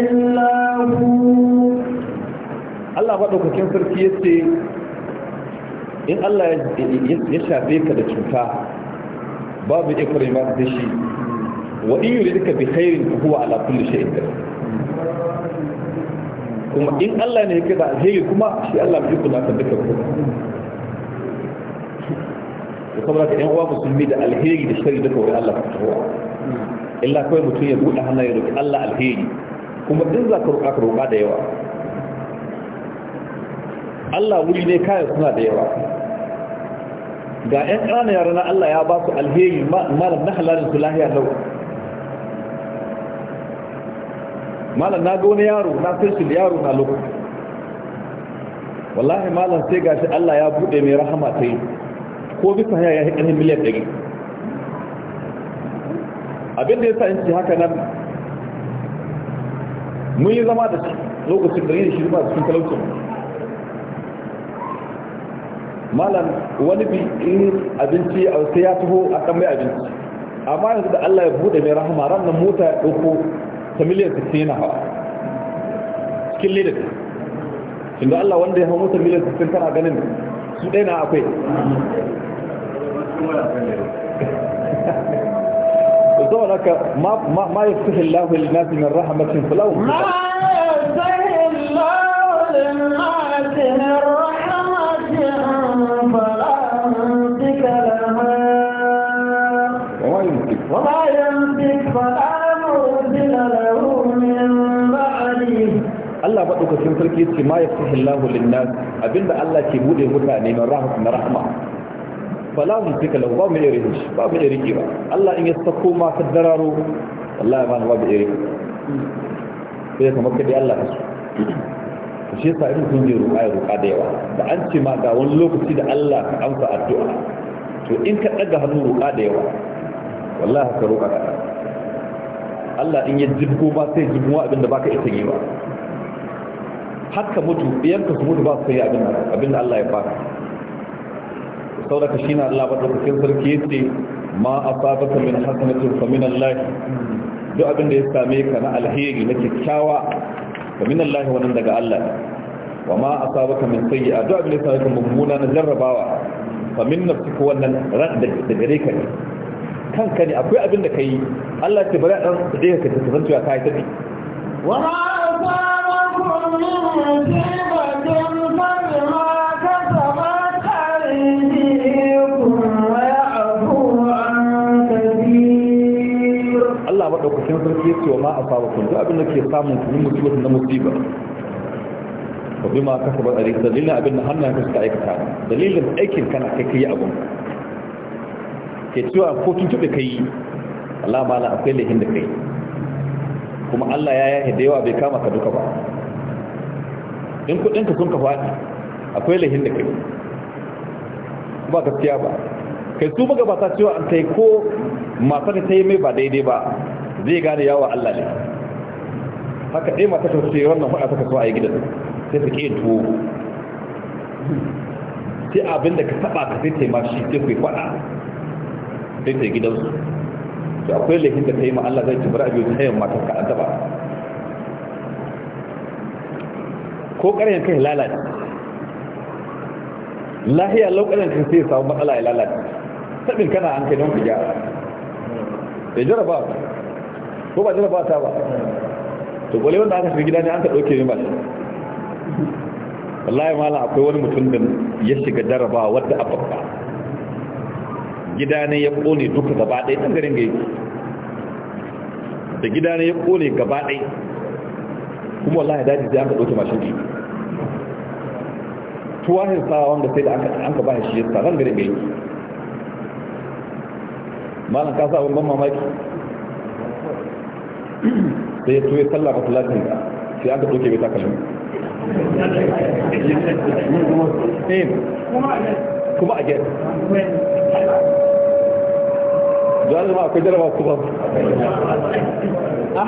إلا هو الله وعدك كم فرقيتي in Allah ya shafe ka da cuta babu ikirin ma da shi wa in yuri kuma in Allah ne yake da alheri kuma shi Allah bai kula ta duka ku to kuma da ɗan uwa musulmi da alheri da shari duka wurin Allah ta illa kawai mutum ya buɗe hannu ya roƙi Allah alheri kuma din za ka roƙa ka roƙa da yawa Allah wuri ne kayan suna da yawa ga 'yan ƙananan yara na Allah ya ba su alheri malam na halalin su lahiya lau malam na ga wani yaro na san da yaro na lokacin wallahi malam sai gashi Allah ya bude mai rahama ta yi ko bisa haya ya hikarhin miliyan ɗari abinda ya sa in ce haka nan mun yi zama da shi lokacin da yin shi ba cikin talaucin malam wani bi in abinci sai ya taho a kan mai abinci amma yanzu da Allah ya bude mai rahama ran nan mota ya ɗauko ta miliyan 60 yana hawa cikin lidar da Allah wanda ya hau mota miliyan 60 tana ganin su ɗaya na akwai وطبعا لك ما ما ما يفتح الله للناس من lokacin sarki ce ma ya fi lin-nas abinda Allah ke bude mutane na rahmat na rahma fala mumtika lahu ba mu irin shi ba mu irin ba Allah in ya sako ma ka dararo wallahi ba ba irin sai kamar ka dai Allah ka so shi yasa in kun je ruƙa ruƙa da yawa da an ce ma ga wani lokaci da Allah ka amsa addu'a to in ka daga hannu ruƙa da yawa wallahi ka roƙa ka Allah in ya jibgo ba sai jibgo abinda baka ita yi ba haka mutu yanka su mutu ba su yi abin da Allah ya fara sau da ka shi na Allah ba ɗaukakin sarki ya ce ma a sabata min hasanatin famin Allah duk abin da ya same ka na alheri na kyakkyawa famin Allah wannan daga Allah wa ma a sabata min sayi a duk abin da ya same ka mummuna na jarrabawa famin na suka wannan ran da gare ka ne kanka ne akwai abin da ka yi Allah ce bari a ɗan tsaye ka ta kasancewa ka yi ta wa ma ma a saba abin da ke dalilin abin da hannun ka suka aikata dalilin aikin kana kai kai ke cewa ko tun tuɓe yi Allah ma na akwai lehin da kai kuma Allah ya yi da yawa bai kama ka duka ba in kudinka sun ka faɗi akwai lahin da kai ba gaskiya ba kai su ba gabata cewa an kai ko masu da ta yi mai ba daidai ba zai gane yawa Allah ne haka ɗaya mata ta ce wannan hudu ta kasuwa a yi gidan sai su ke tuwo sai abin da ka taɓa ka sai taima shi sai ku yi faɗa sai ta yi gidansu to akwai lahin da ta yi ma Allah zai ci bari a biyu ta yi matar ka an taɓa ko ƙaryan kai lalata lahiya lauƙarin kai sai samu matsala ya lalata sabin kana an kai don ku gyara da jaraba ko ba jaraba ta ba to kwale wanda aka shiga gida ne an ka ɗauke ne ba shi wallahi mala akwai wani mutum da ya shiga jaraba wadda a babba gida ne ya ƙone duka gaba ɗaya ɗan garin ga da gida ne ya ƙone gaba ɗaya kuma wallahi daji sai an ka ɗauke mashin shi tuwahin sa wanda sai da an ka bayan shi ya sa gari malam ka sa abin ban mamaki sai ya tuwe sallah sai an ka bai eh, kuma a akwai jarabar kuma a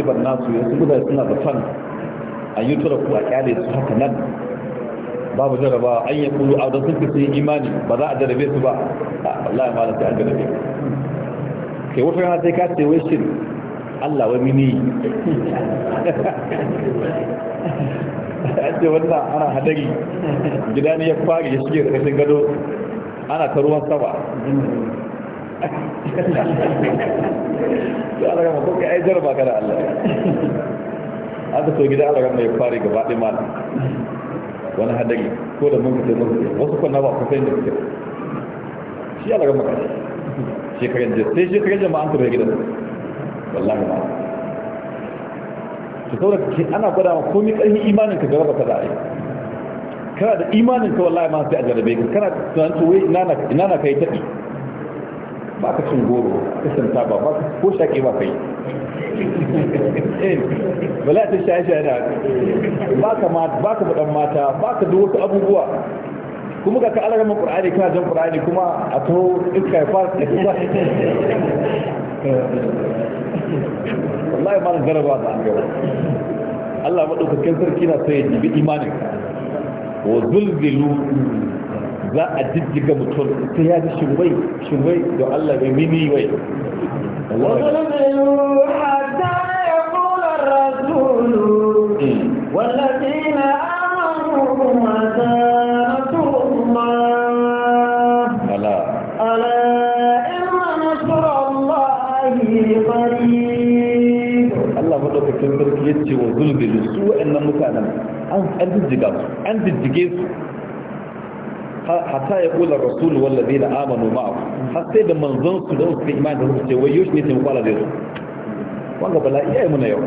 hasiban nasu yasu mutane suna da fan an yi tura ku a kyale su haka nan babu jaraba an yi kulu a don suke sun imani ba za a jarabe su ba Allah ya malata an jarabe Ke wata yana sai ka ce wai shin Allah wai mini ce wannan ana hadari gida ne ya fara ya shige da kashin gado ana ta ruwan sama ya Allah wani hadari ko da mun fita mun wasu kwana ba ku sai da kuke shi Allah ma kai shekaran da sai shekaran jama'an ka bai gidan wallahi ma to saboda ana gwada ma komai imanin ka gaba ka da kana da imanin ka wallahi ma sai a jarabe ka kana tunanin wai ina na kai taɗi ba ka cin goro kasan taba ba ka ko shaƙe ba kai bala ta shaye shaye da ba ka ba ka faɗan mata ba ka da wasu abubuwa kuma ga ka alarama ƙur'ani kana jan ƙur'ani kuma a taho iska ya fara da kusa wallahi ma na zaraba da an gaba Allah maɗaukakin sarki na sai ya jibi imanin wa zulzilu za a jijjiga mutum ta ya ji shirwai shirwai da Allah bai mini wai والذين آمنوا وزادوا الله ألا ألا إن نصر الله قريب الله مدوك كنبرك يتشي وزلزل سوء أن مكانا أن تجيغا أن تجيغا حتى يقول الرسول والذين آمنوا معه حتى إذا من ظنص لهم في إيمان الرسول ويوش نتهم قال ذلك وانا بلا إيه من يوم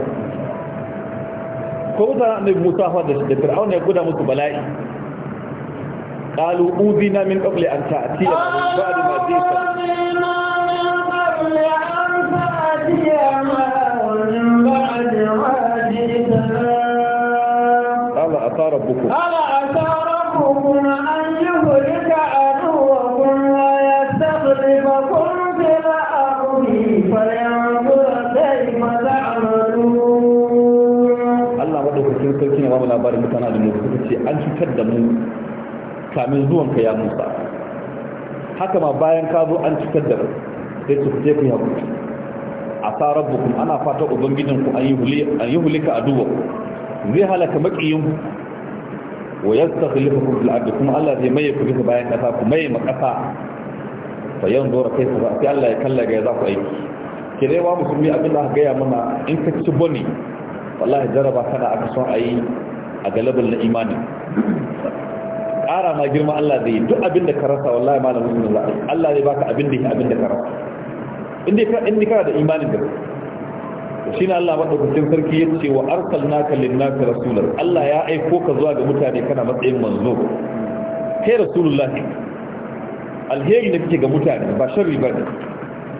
فهو ذا نبي موسى هو ذا فرعون يقول موسى بلا قالوا أوذينا من قبل أن تأتي بعد ما جئت قال أطار ربكم mutane da musu suka ce an cutar da mu kamin zuwan ka ya musa haka ma bayan ka zo an cutar da mu sai su je ku yaku a sa rabbukum ana fata ubangijin ku an yi huli hulika a duwa zai halaka makiyin ku wa yastakhlifukum fil ardi kuma Allah zai maye ku bisa bayan kasa ku maye makasa fa yanzura sa sai Allah ya kallaga ya za ku aiki kirewa musulmi abin da aka gaya mana in ka ci boni wallahi jaraba kana aka son a yi a galibin na imanin ƙara ma girma Allah zai duk abin da ka rasa wallahi ma da musulun za'a Allah zai baka abin da ke abin da ka rasa inda ka da imanin da shi ne Allah maɗaukakin sarki ya ce wa arsal naka linnaka rasular Allah ya aiko ka zuwa ga mutane kana matsayin manzo kai rasulullahi alheri ne kike ga mutane ba sharri ba ne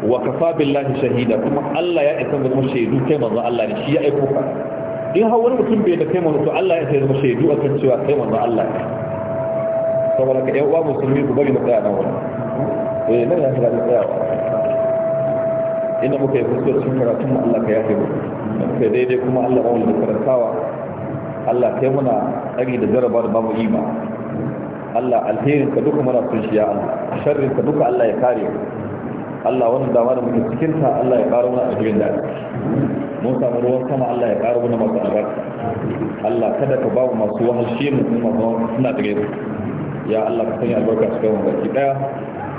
wa kafa billahi shahida kuma Allah ya isa ga mu shaidu kai manzo Allah ne shi ya aiko ka in har wani mutum bai da kai manzo to Allah ya zama shaidu a kan cewa kai manzo Allah ne saboda ka yan uwa musulmi ku bari mu tsaya nan wani eh nan ya tsaya tsayawa inda muka yi fuskar cikin karatun mu Allah ka yafe mu kai daidai kuma Allah ba mu da karantawa Allah kai muna tsari da jaraba da babu ima Allah alherin ka duka mana sun shi ya Allah sharrin ka duka Allah ya kare Allah wannan dama da muke cikin ta Allah ya karo mana a cikin dadi mun samu ruwan sama Allah ya ƙara wani masu albarka Allah kada ka babu masu wahalshe mu kuma suna da gaisu ya Allah ka sanya albarka su kawo baki daya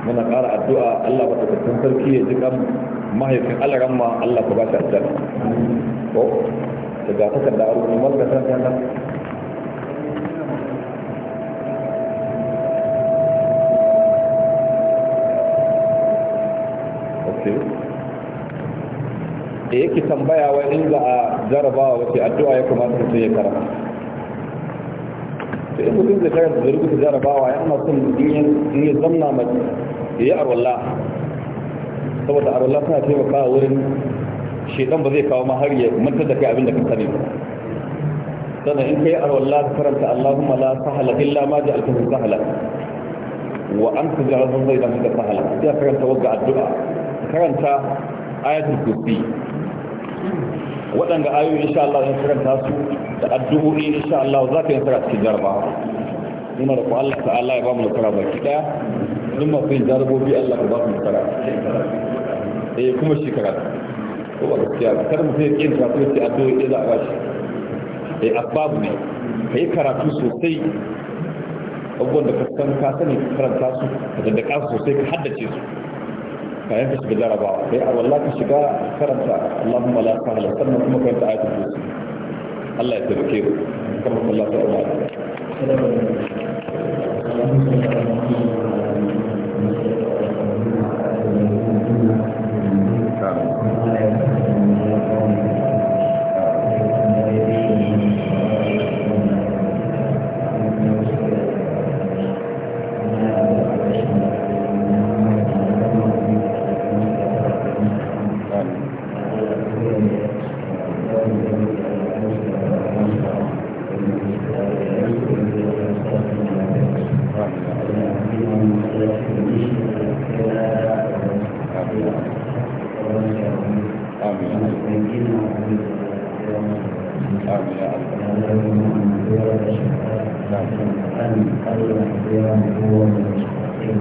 muna ƙara addu'a Allah ba ta kasan sarki ya ji kan mahaifin Allah ramma Allah ka ba shi aljanna ko daga takardar rubutu malaka san kana da yake tambaya wa in za a jarabawa wace addu'a ya kamata mutum ya karanta to in mutum zai karanta da rubuta jarabawa ya ana son in ya zamna mace ya yi arwalla saboda arwalla suna taimakawa wurin shedan ba zai kawo ma har ya mantar da kai abin da ka sani ba sannan in ka yi arwalla ta karanta Allahumma la sahala illa ma ji ja'altahu sahala wa an anta zai zaidan ka sahala sai karanta wadda addu'a karanta ayatul kursi waɗanda ayoyi insha Allah zan karanta su da addu'o'i insha Allah za ka yi nasara cikin jarabawa muna da ku Allah ta'ala ya ba mu nasara baki daya duk ma yin jarabobi Allah ka ba mu nasara eh kuma shi karatu ko ba gaskiya kar mu sai yin karatu sai addu'o'i da za a ba shi eh asbabu ne kai karatu sosai abubuwan da ka san ka sani karanta su da da kasu sosai ka haddace su ka yanka da jarabawa sai a wallah ka shiga karanta Allahumma la sahla sannan kuma ka yanka ayatul kursi Allah ya tabbake ku kamar Allah ta'ala نعم يا الله نعم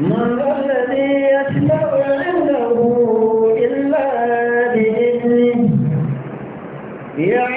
من ذا الذي يشفع عنده إلا بإذنه